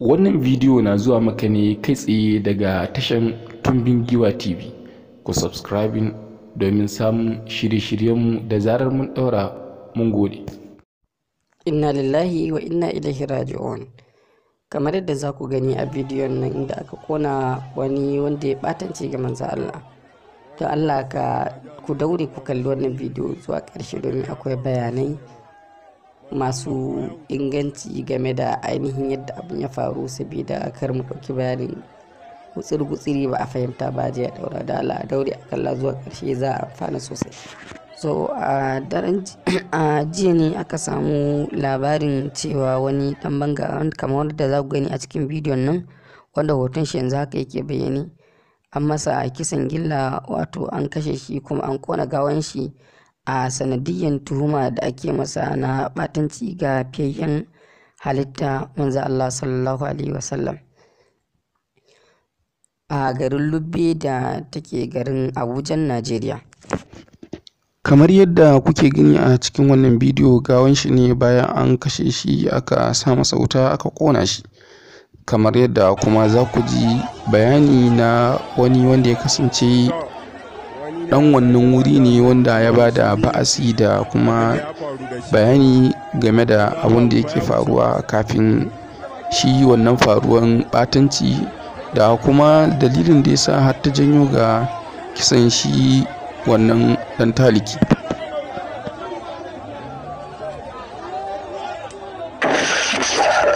Wannan bidiyo na zuwa maka ne kai tsaye daga tashan Tumbin Giwa TV. Ku subscribing domin samun shirye-shiryenmu da zarar mun ɗaura mun gode. Inna lillahi wa inna ilaihi raji'un. Kamar yadda za ku gani a bidiyon nan inda aka kona wani wanda ya batance ga manzo Allah. Don Allah ka ku daure ku kalli wannan bidiyo zuwa karshe domin akwai bayanai masu inganci game da ainihin yadda abin ya faru saboda kar mu ɗauki bayanin gutsiri-gutsiri ba a fahimta ba ya daura da ala daure a kalla zuwa ƙarshe za a amfana sosai so a jiya ne aka samu labarin cewa wani dan banga kamar wanda za ku gani a cikin bidiyon nan wanda hoton shi yanzu haka yake bayani an masa kisan gilla wato an kashe shi kuma an kona gawan shi a sanadiyyan tuhuma da ake masa na batanci ga fiyayyen halitta manzo Allah sallallahu alaihi wasallam a garin lubbe da take garin abujan najeriya kamar yadda kuke gani a cikin wannan bidiyo gawan shi ne bayan an kashe shi aka sa masa wuta aka kona shi kamar yadda kuma za ku ji bayani na wani wanda ya kasance dan wannan wuri ne wanda ya ba da ba'asi da kuma bayani game da abun da yake faruwa kafin shi wannan faruwan batanci da kuma dalilin da ya sa har ta janyo ga kisan shi wannan dan taliki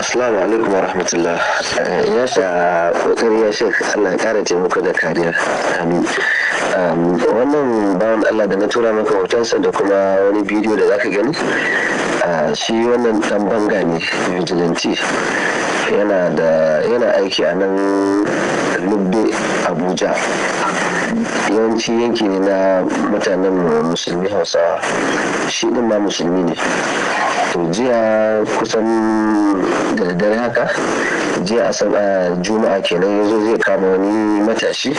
Assalamu alaikum wa rahmatullah. Eh, ya sha kokari ya shek Allah kara taimako da kariya. Amin. Wannan bawan Allah da na tura maka hotonsa da kuma wani bidiyo da zaka gani. Shi wannan dan banga ne vigilante. Yana da yana aiki a nan Lubbe Abuja. Yawanci yanki ne na mutanen musulmi Hausawa. Shi din ma musulmi ne. to jiya kusan da daddare haka jiya a juma'a kenan yazo zai kama wani matashi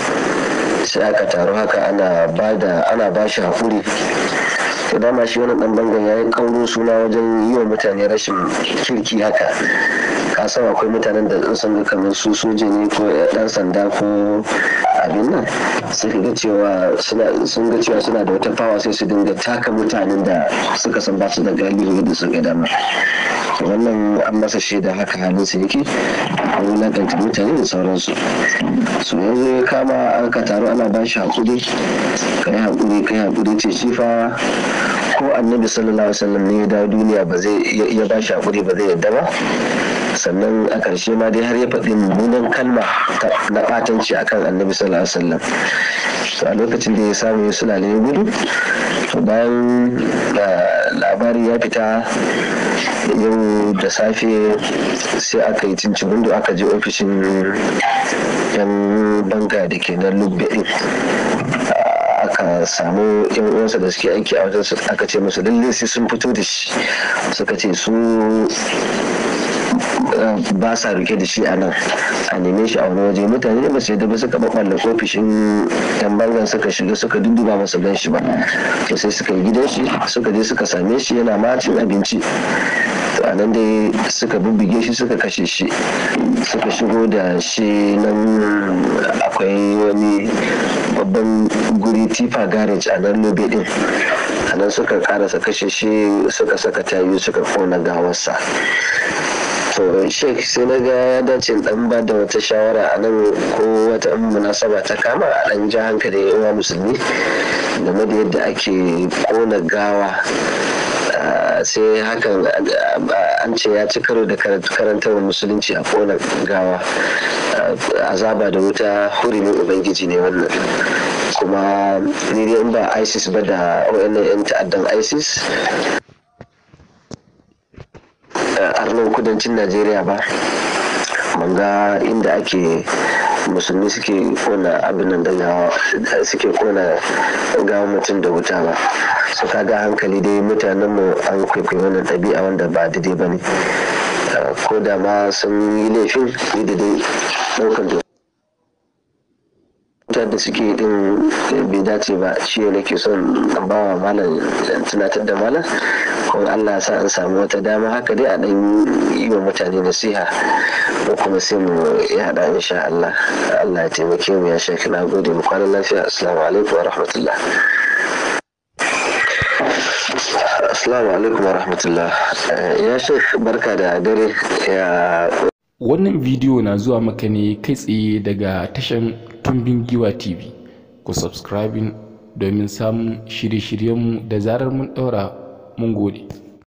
sai aka taru haka ana ba da ana ba shi hakuri to dama shi wani ɗan bangon ya yi kaurin suna wajen yi wa mutane rashin kirki haka kasan akwai mutanen da sun kamar su soja ne ko ɗan sanda ko abin nan ga cewa sun ga cewa suna da wata fawa sai su dinga taka mutanen da suka san ba su da galibi da suka dama wannan an masa shaida haka halin sa yake a wulakanta mutane da sauransu su yanzu ya kama ka taru ana ba shi haƙuri kai haƙuri kai haƙuri ce shi fa ko annabi sallallahu alaihi wasallam ne ya dawo duniya ba zai ya ba shi haƙuri ba zai yadda ba sannan a ƙarshe ma dai har ya faɗi mummunan kalma na ɓatanci akan annabi sallallahu alaihi wasallam a lokacin da ya samu ya sulale ya gudu bayan ah, labari ya fita yau da safe sai aka yi cincin aka je ofishin yan banga da ke nan lubbe ah, aka samu yan uwansa da suke aiki a wajen aka ce musu lalle sai sun fito da shi suka ce su ba sa rike da shi a nan a neme shi a wani waje mutane ne su yadda ba suka babballa ofishin yan bangan suka shiga suka dudduba masa gan shi ba to sai suka yi gidan shi suka je suka same shi yana ma cin abinci to a nan dai suka bubbuge shi suka kashe shi suka shigo da shi nan akwai wani babban guri tifa garage a nan lobe din a nan suka karasa kashe shi suka saka tayu suka kona gawarsa to sai na ga ya dace dan ba da wata shawara a nan ko wata munasaba ta kama a dan ja hankali yawa musulmi game da yadda ake kona gawa ah, sai hakan ah, an ce ya ci karo da karantar musulunci a kona gawa ah, azaba da wuta hurumin ubangiji ne wannan kuma ni dai in ba isis ba da 'yan ta'addan isis arnan kudancin najeriya ba ga inda ake musulmi suke kona abin da suke kona gawa mutum da wuta ba su ga hankali dai mutanenmu an kwaikwai wannan ɗabi'a wanda ba daidai ba ne ko da ma sun yi laifin ni da dai ɗaukar da wuta da suke din bai dace ba shi nake son bawa malam tunatar da malam in Allah sa an samu wata dama haka dai a dan yi wa mutane nasiha ko kuma sai mu yaɗa insha Allah Allah ya taimake mu ya shaki na gode mu kwana lafiya assalamu alaikum wa rahmatullah assalamu alaikum wa rahmatullah eh, ya shek barka da dare ya wannan bidiyo na zuwa maka ne kai tsaye daga tashan tumbin giwa tv ku subscribing domin samun shirye-shiryenmu da zarar mun ɗaura mun gode